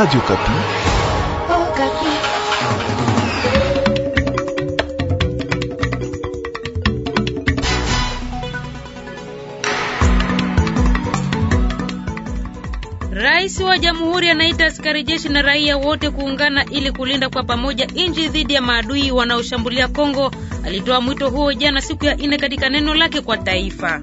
Radio Kapi. Oh, Kapi. Rais wa Jamhuri anaita askari jeshi na raia wote kuungana ili kulinda kwa pamoja nchi dhidi ya maadui wanaoshambulia Kongo. Alitoa mwito huo jana siku ya nne katika neno lake kwa taifa.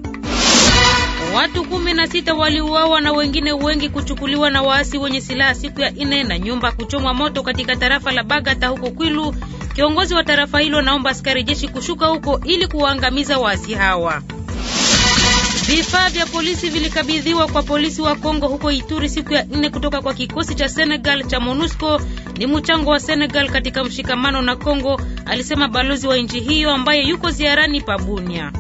Watu kumi na sita waliuawa na wengine wengi kuchukuliwa na waasi wenye silaha siku ya nne na nyumba kuchomwa moto katika tarafa la Bagata huko Kwilu. Kiongozi wa tarafa hilo naomba askari jeshi kushuka huko ili kuwaangamiza waasi hawa. Vifaa vya polisi vilikabidhiwa kwa polisi wa Kongo huko Ituri siku ya nne kutoka kwa kikosi cha Senegal cha MONUSCO. Ni mchango wa Senegal katika mshikamano na Kongo, alisema balozi wa nchi hiyo ambaye yuko ziarani pa Bunia.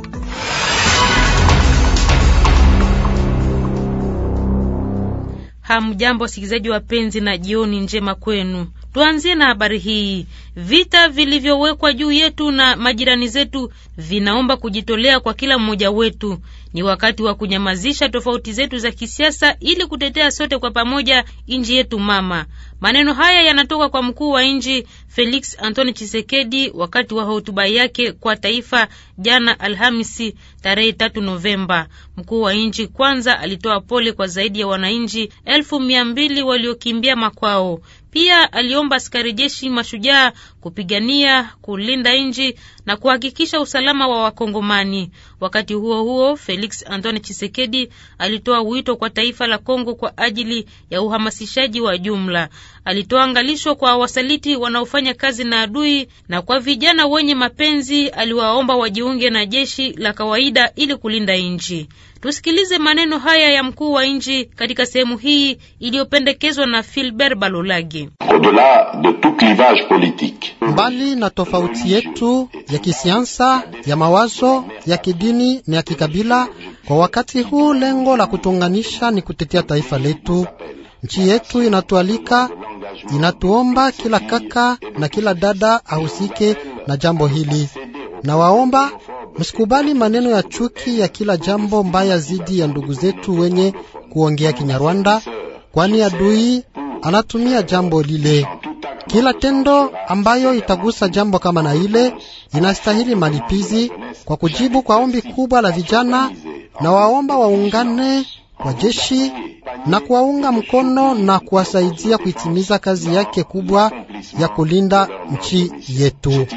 Hamjambo wasikilizaji wapenzi, na jioni njema kwenu. Tuanzie na habari hii. Vita vilivyowekwa juu yetu na majirani zetu vinaomba kujitolea kwa kila mmoja wetu. Ni wakati wa kunyamazisha tofauti zetu za kisiasa ili kutetea sote kwa pamoja nchi yetu mama. Maneno haya yanatoka kwa mkuu wa nchi Felix Antoine chisekedi wakati wa hotuba yake kwa taifa jana Alhamisi tarehe tatu Novemba. Mkuu wa nchi kwanza alitoa pole kwa zaidi ya wananchi elfu mia mbili waliokimbia makwao. Pia aliomba askari jeshi mashujaa kupigania kulinda nchi na kuhakikisha usalama wa Wakongomani. Wakati huo huo, Felix Antoine chisekedi alitoa wito kwa taifa la Kongo kwa ajili ya uhamasishaji wa jumla. Alitoa angalisho kwa wasaliti wanaofanya kazi na adui, na kwa vijana wenye mapenzi aliwaomba wajiunge na jeshi la kawaida ili kulinda nchi. Tusikilize maneno haya ya mkuu wa nchi katika sehemu hii iliyopendekezwa na Philbert Balolagi. Mbali na tofauti yetu ya kisiasa, ya mawazo, ya kidini na ya kikabila, kwa wakati huu lengo la kutunganisha ni kutetea taifa letu Nchi yetu inatualika, inatuomba kila kaka na kila dada ahusike na jambo hili. Nawaomba msikubali maneno ya chuki ya kila jambo mbaya zidi ya ndugu zetu wenye kuongea Kinyarwanda, kwani adui anatumia jambo lile. Kila tendo ambayo itagusa jambo kama na ile inastahili malipizi. Kwa kujibu kwa ombi kubwa la vijana, na waomba waungane kwa jeshi na kuwaunga mkono na kuwasaidia kuitimiza kazi yake kubwa ya kulinda nchi yetu.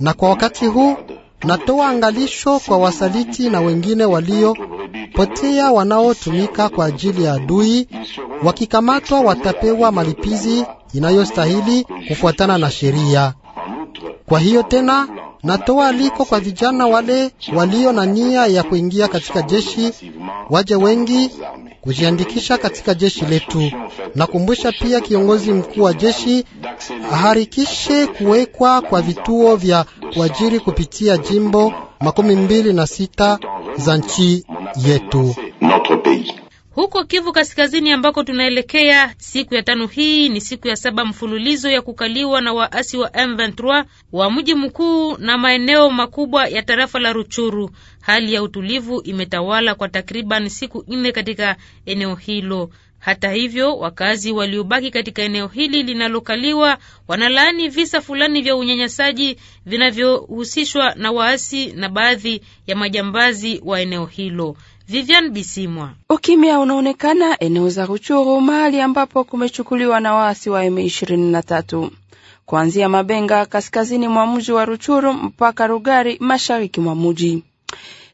Na kwa wakati huu natoa angalisho kwa wasaliti na wengine waliopotea wanaotumika kwa ajili ya adui. Wakikamatwa watapewa malipizi inayostahili kufuatana na sheria. Kwa hiyo tena natoa aliko kwa vijana wale walio na nia ya kuingia katika jeshi, waje wengi kujiandikisha katika jeshi letu. Nakumbusha pia kiongozi mkuu wa jeshi aharikishe kuwekwa kwa vituo vya kuajiri kupitia jimbo makumi mbili na sita za nchi yetu. Huko Kivu Kaskazini ambako tunaelekea, siku ya tano hii ni siku ya saba mfululizo ya kukaliwa na waasi wa M23 wa mji mkuu na maeneo makubwa ya tarafa la Ruchuru. Hali ya utulivu imetawala kwa takriban siku nne katika eneo hilo. Hata hivyo, wakazi waliobaki katika eneo hili linalokaliwa wanalaani visa fulani vya unyanyasaji vinavyohusishwa na waasi na baadhi ya majambazi wa eneo hilo. Vivian Bisimwa. Ukimya unaonekana eneo za Ruchuru, mahali ambapo kumechukuliwa na waasi wa M23 kuanzia Mabenga kaskazini mwa mji wa Ruchuru mpaka Rugari mashariki mwa mji.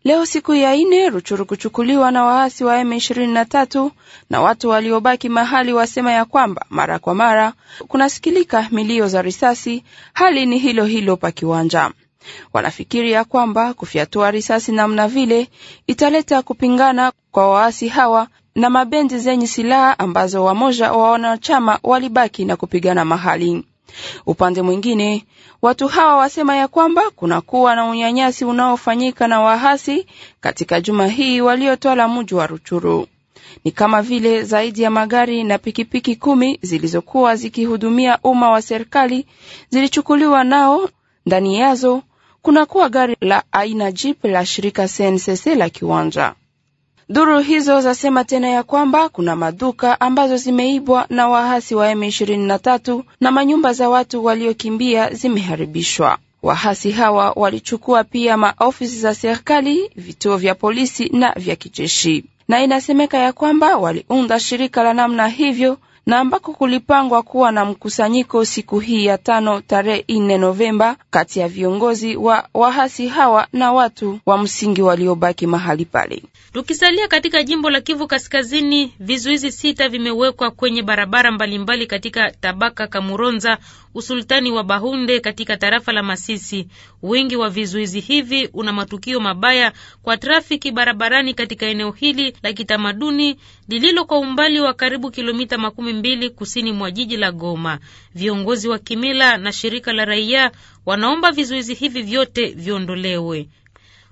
Leo siku ya ine, Ruchuru kuchukuliwa na waasi wa M23 na watu waliobaki mahali wasema ya kwamba mara kwa mara kunasikilika milio za risasi. Hali ni hilo hilo pa kiwanja ya kwamba kufyatua risasi namna vile italeta kupingana kwa waasi hawa na mabendi zenye silaha ambazo wamoja wa wanachama walibaki na kupigana mahali. Upande mwingine, watu hawa wasema ya kwamba kunakuwa na unyanyasi unaofanyika na wahasi katika juma hii waliotwala mji wa Ruchuru. Ni kama vile zaidi ya magari na pikipiki kumi zilizokuwa zikihudumia umma wa serikali zilichukuliwa nao, ndani yazo kunakuwa gari la aina jeep la shirika CNCC la kiwanja. Duru hizo zasema tena ya kwamba kuna maduka ambazo zimeibwa na wahasi wa M23 na manyumba za watu waliokimbia zimeharibishwa. Wahasi hawa walichukua pia maofisi za serikali, vituo vya polisi na vya kijeshi, na inasemeka ya kwamba waliunda shirika la namna hivyo na ambako kulipangwa kuwa na mkusanyiko siku hii ya tano tarehe nne Novemba kati ya viongozi wa wahasi hawa na watu wa msingi waliobaki mahali pale. Tukisalia katika jimbo la Kivu Kaskazini, vizuizi sita vimewekwa kwenye barabara mbalimbali katika tabaka Kamuronza, usultani wa Bahunde katika tarafa la Masisi. Wingi wa vizuizi hivi una matukio mabaya kwa trafiki barabarani katika eneo hili la kitamaduni lililo kwa umbali wa karibu kilomita makumi mbili kusini mwa jiji la Goma. Viongozi wa kimila na shirika la raia wanaomba vizuizi hivi vyote viondolewe.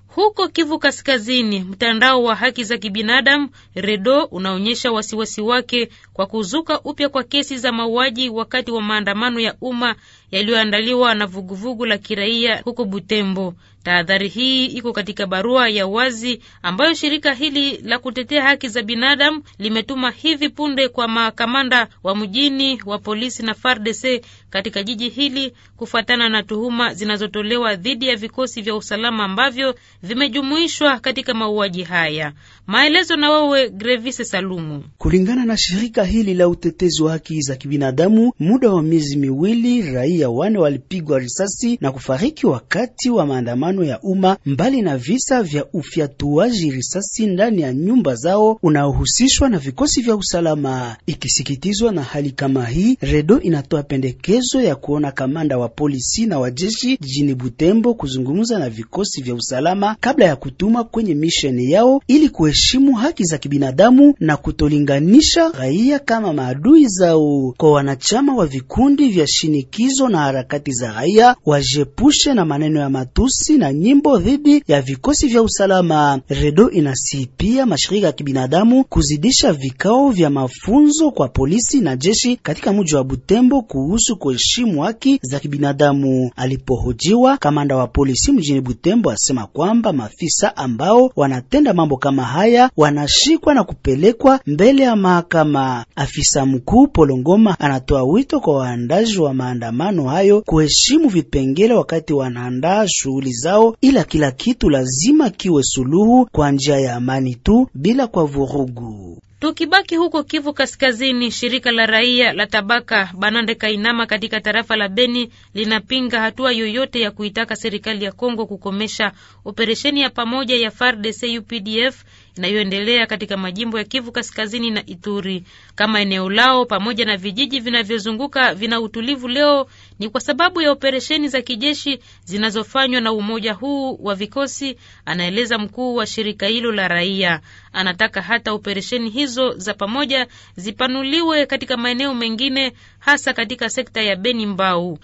Huko Kivu Kaskazini, mtandao wa haki za kibinadamu REDO unaonyesha wasiwasi wake kwa kuzuka upya kwa kesi za mauaji wakati wa maandamano ya umma yaliyoandaliwa na vuguvugu la kiraia huko Butembo. Tahadhari hii iko katika barua ya wazi ambayo shirika hili la kutetea haki za binadamu limetuma hivi punde kwa makamanda wa mjini wa polisi na FARDC katika jiji hili kufuatana na tuhuma zinazotolewa dhidi ya vikosi vya usalama ambavyo vimejumuishwa katika mauaji haya. Maelezo na wewe Grevise Salumu. Kulingana na shirika hili la utetezi wa haki za kibinadamu, muda wa miezi miwili raia wane walipigwa risasi na kufariki wakati wa maandamano maandamano ya umma, mbali na visa vya ufyatuaji risasi ndani ya nyumba zao unaohusishwa na vikosi vya usalama. Ikisikitizwa na hali kama hii, Redo inatoa pendekezo ya kuona kamanda wa polisi na wajeshi jijini Butembo kuzungumza na vikosi vya usalama kabla ya kutuma kwenye misheni yao ili kuheshimu haki za kibinadamu na kutolinganisha raia kama maadui zao. Kwa wanachama wa vikundi vya shinikizo na harakati za raia, wajepushe na maneno ya matusi na na nyimbo dhidi ya vikosi vya usalama. Redo inasipia mashirika ya kibinadamu kuzidisha vikao vya mafunzo kwa polisi na jeshi katika mji wa Butembo kuhusu kuheshimu haki za kibinadamu. Alipohojiwa, kamanda wa polisi mjini Butembo asema kwamba maafisa ambao wanatenda mambo kama haya wanashikwa na kupelekwa mbele ya mahakama. Afisa mkuu Polongoma anatoa wito kwa waandaji wa maandamano hayo kuheshimu vipengele wakati wanaandaa shughuli zao, ila kila kitu lazima kiwe suluhu kwa njia ya amani tu bila kwa vurugu. Tukibaki huko Kivu Kaskazini, shirika la raia la tabaka Banande Kainama katika tarafa la Beni linapinga hatua yoyote ya kuitaka serikali ya Kongo kukomesha operesheni ya pamoja ya FARDC UPDF inayoendelea katika majimbo ya Kivu Kaskazini na Ituri. Kama eneo lao pamoja na vijiji vinavyozunguka vina utulivu leo, ni kwa sababu ya operesheni za kijeshi zinazofanywa na umoja huu wa vikosi, anaeleza mkuu wa shirika hilo la raia. Anataka hata operesheni hizo za pamoja zipanuliwe katika maeneo mengine, hasa katika sekta ya Beni Mbau.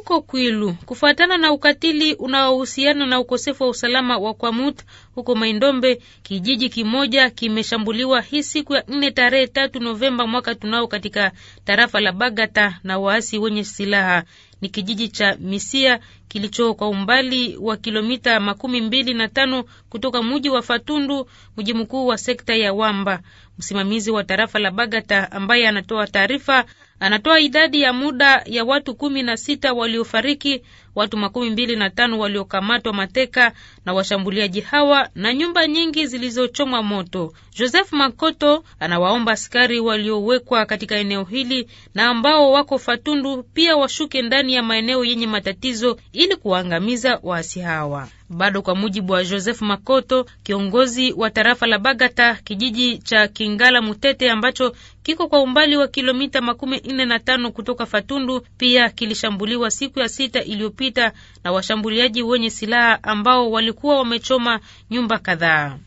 Huko Kwilu, kufuatana na ukatili unaohusiana na ukosefu wa usalama wa Kwamut huko Maindombe, kijiji kimoja kimeshambuliwa hii siku ya nne tarehe tatu Novemba mwaka tunao katika tarafa la Bagata na waasi wenye silaha. Ni kijiji cha Misia kilicho kwa umbali wa kilomita makumi mbili na tano kutoka mji wa Fatundu, mji mkuu wa sekta ya Wamba. Msimamizi wa tarafa la Bagata ambaye anatoa taarifa Anatoa idadi ya muda ya watu kumi na sita waliofariki, watu makumi mbili na tano waliokamatwa mateka na washambuliaji hawa na nyumba nyingi zilizochomwa moto. Joseph Makoto anawaomba askari waliowekwa katika eneo hili na ambao wako Fatundu pia washuke ndani ya maeneo yenye matatizo ili kuwaangamiza waasi hawa. Bado kwa mujibu wa Joseph Makoto, kiongozi wa tarafa la Bagata, kijiji cha Kingala Mutete ambacho kiko kwa umbali wa kilomita makumi nne na tano kutoka Fatundu, pia kilishambuliwa siku ya sita iliyopita na washambuliaji wenye silaha ambao walikuwa wamechoma nyumba kadhaa.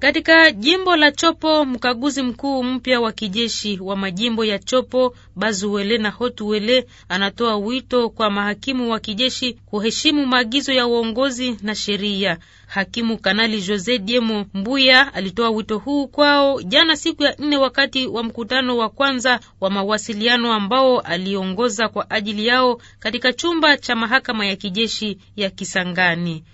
Katika jimbo la Chopo, mkaguzi mkuu mpya wa kijeshi wa majimbo ya Chopo, Bazuwele na Hotuwele, anatoa wito kwa mahakimu wa kijeshi kuheshimu maagizo ya uongozi na sheria. Hakimu Kanali Jose Diemo Mbuya alitoa wito huu kwao jana siku ya nne wakati wa mkutano wa kwanza wa mawasiliano ambao aliongoza kwa ajili yao katika chumba cha mahakama ya kijeshi ya Kisangani.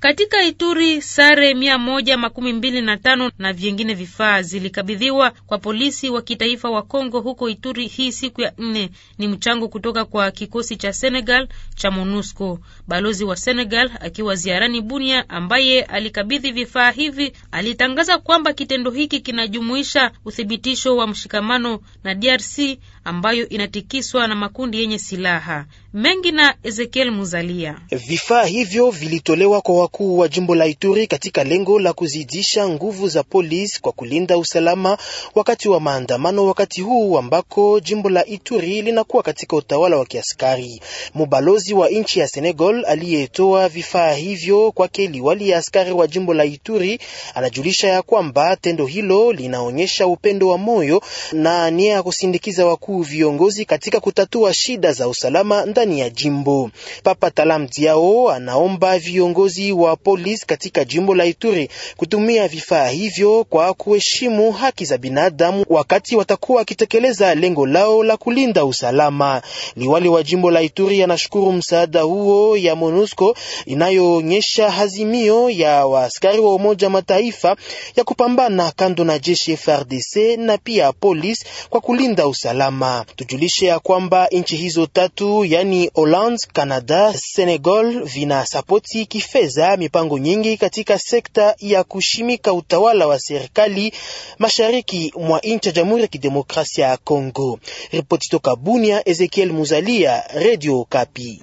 Katika Ituri sare mia moja makumi mbili na tano na vyengine vifaa zilikabidhiwa kwa polisi wa kitaifa wa congo huko Ituri hii siku ya nne. Ni mchango kutoka kwa kikosi cha Senegal cha MONUSCO. Balozi wa Senegal akiwa ziarani Bunia, ambaye alikabidhi vifaa hivi, alitangaza kwamba kitendo hiki kinajumuisha uthibitisho wa mshikamano na DRC ambayo inatikiswa na makundi yenye silaha mengi. Na Ezekiel Muzalia, vifaa hivyo vilitolewa kwa wakuu wa jimbo la Ituri katika lengo la kuzidisha nguvu za polisi kwa kulinda usalama wakati wa maandamano, wakati huu ambako jimbo la Ituri linakuwa katika utawala wa kiaskari. Mubalozi wa nchi ya Senegal aliyetoa vifaa hivyo kwake liwali ya askari wa jimbo la Ituri anajulisha ya kwamba tendo hilo linaonyesha upendo wa moyo na nia ya kusindikiza wakuu viongozi katika kutatua shida za usalama ndani ya jimbo. Papa Talam Diao anaomba viongozi wa polisi katika jimbo la Ituri kutumia vifaa hivyo kwa kuheshimu haki za binadamu wakati watakuwa wakitekeleza lengo lao la kulinda usalama. Liwali wa jimbo la Ituri anashukuru msaada huo ya ya MONUSCO inayoonyesha hazimio ya waaskari wa Umoja Mataifa ya kupambana kando na jeshi FRDC na pia polisi kwa kulinda usalama. Tujulishe ya kwamba nchi hizo tatu yani Holland, Canada, Senegal vina sapoti kifedha mipango nyingi katika sekta ya kushimika utawala wa serikali mashariki mwa nchi ya Jamhuri ya Kidemokrasia ya Kongo. Ripoti toka Bunia, Ezekiel Muzalia, Radio Kapi.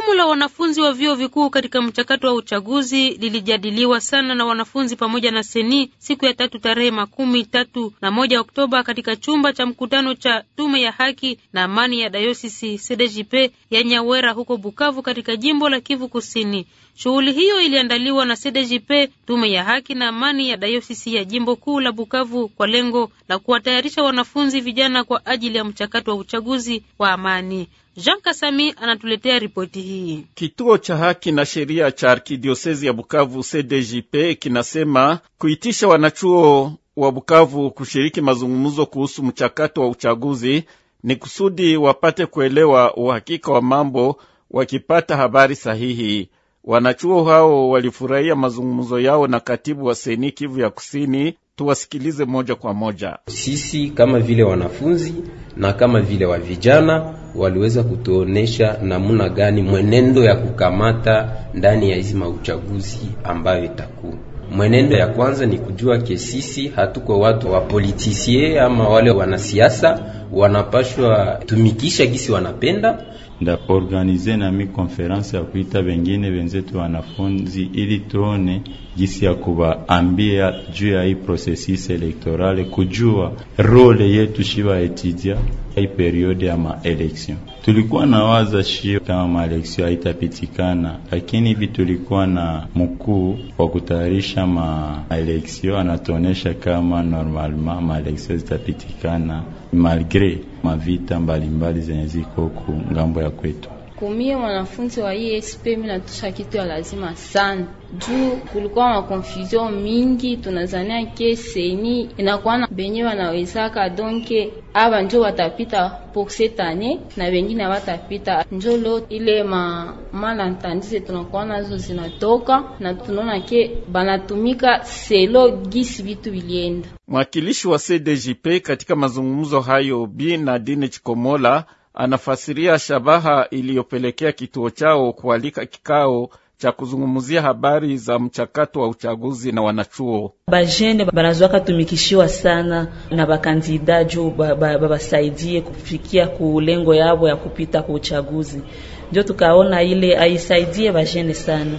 Jukumu la wanafunzi wa vyuo vikuu katika mchakato wa uchaguzi lilijadiliwa sana na wanafunzi pamoja na seni siku ya tatu tarehe makumi tatu na moja Oktoba katika chumba cha mkutano cha tume ya haki na amani ya dayosisi CDJP ya Nyawera huko Bukavu katika jimbo la Kivu Kusini. Shughuli hiyo iliandaliwa na CDJP, tume ya haki na amani ya dayosisi ya jimbo kuu la Bukavu kwa lengo la kuwatayarisha wanafunzi vijana kwa ajili ya mchakato wa uchaguzi wa amani. Jean Kasami anatuletea ripoti hii hii. Kituo cha haki na sheria cha arkidiosezi ya Bukavu CDJP kinasema kuitisha wanachuo wa Bukavu kushiriki mazungumzo kuhusu mchakato wa uchaguzi ni kusudi wapate kuelewa uhakika wa mambo wakipata habari sahihi. Wanachuo hao walifurahia mazungumzo yao na katibu wa seni Kivu ya Kusini. Tuwasikilize moja kwa moja. Sisi kama vile wanafunzi na kama vile wa vijana waliweza kutuonesha namuna gani mwenendo ya kukamata ndani ya hizi mauchaguzi ambayo itakuwa. Mwenendo ya kwanza ni kujua kesisi hatuko watu wa politisie ama wale wanasiasa wanapashwa tumikisha gisi wanapenda ndapoorganize nami konferansi ya kuita bengine benzetu wanafunzi ili tuone jinsi ya kuwaambia juu ya hii processus elektorale, kujua role yetu shiva etidia hii periode ya maeleksio tulikuwa nawaza shio kama maeleksio haitapitikana, lakini hivi tulikuwa na mkuu wa kutayarisha maeleksio anatuonesha kama normalma maeleksio zitapitikana malgre mavita mbalimbali zenye ziko huku ngambo ya kwetu. Kumie mwanafunzi wa ESP mimi kitu ya lazima sana, juu kulikuwa na confusion mingi, tunazania ke seni inakuwa na benye wanawezaka donke aba njo watapita pour cette année na bengine watapita njo lo ile ma ntandise tunakuwa nazo zinatoka na tunaona ke banatumika selo gisi vitu bilienda. Mwakilishi wa CDJP katika mazungumzo hayo Bi Nadine Chikomola anafasiria shabaha iliyopelekea kituo chao kualika kikao cha kuzungumzia habari za mchakato wa uchaguzi na wanachuo bajene banazwaka tumikishiwa sana na bakandida juu babasaidie ba, ba, kufikia kulengo yabo ya kupita ku uchaguzi. Ndio tukaona ile aisaidie bajene sana,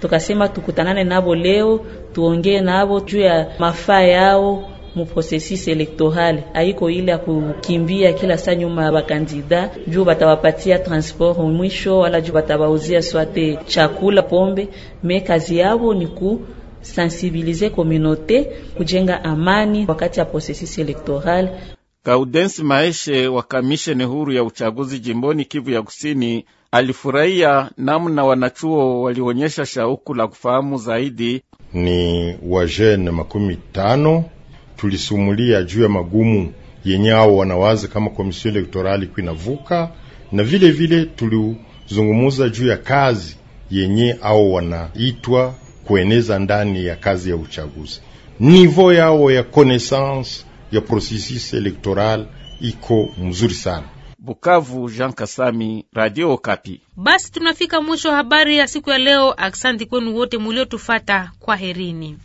tukasema tukutanane nabo leo tuongee nabo juu ya mafaa yao processus elektorale aiko ile ya kukimbia kila saa nyuma ya bakandida juu batawapatia transport mwisho wala juu batabauzia swate chakula pombe, me kazi yabo ni ku sensibiliser communauté kujenga amani wakati ya processus elektorale. Gaudensi Maeshe wa kamisheni huru ya uchaguzi jimboni Kivu ya Kusini alifurahia namna wanachuo walionyesha shauku la kufahamu zaidi. Ni wajene makumi tano tulisumulia juu ya magumu yenye hao wanawazi kama komisio elektorali kwinavuka na vile vile tulizungumuza juu ya kazi yenye hao wanaitwa kueneza ndani ya kazi ya uchaguzi. Nivo yao ya connaissance ya processus electoral iko mzuri sana. Bukavu, Jean Kasami, Radio Okapi. Basi tunafika mwisho habari ya siku ya leo. Aksanti kwenu wote muliotufata, kwa herini.